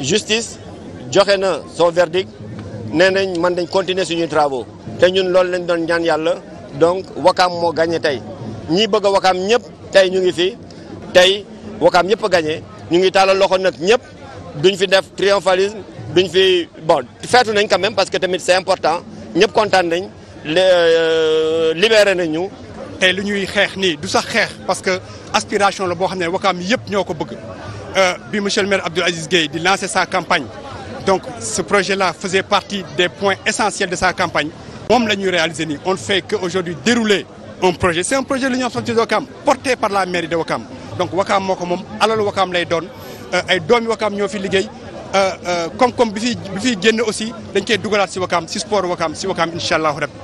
justice joxe na son verdict nee nañ man dañ continuer suñuy travaux te ñun loolu lañ doon ñaan yàlla donc wakaam moo gagné tey ñi bëgg a wakaam ñëpp tey ñu ngi fi tey wakaam ñëpp a gagné ñu ngi taalal loxo nag ñëpp duñ fi def triomphalisme duñ fi bon feetu nañ quand même parce que tamit c'est important ñëpp kontaan nañ euh, libéré nañ ñu. te lu ñuy xeex nii du sax xeex parce que aspiration la boo xam ne Wakaam yëpp ñoo ko bëgg euh, bi monsieur le maire Abdou Aziz Gueye di lancer sa campagne donc ce projet la faisait partie des points essentiels de sa campagne moom la ñuy réaliser nii on ne fait que aujourd'hui dérouler un projet c'est un projet l'Union sportive de Ouakam porté par la mairie de Ouakam donc Ouakam moo ko moom alalu Ouakam lay doon euh, ay doomi Ouakam ñoo fi liggéey koom-koom euh, bi fi bi fiy génn aussi dañ koy dugalaat si Ouakam si sport Ouakam si Ouakam incha allahu rabbi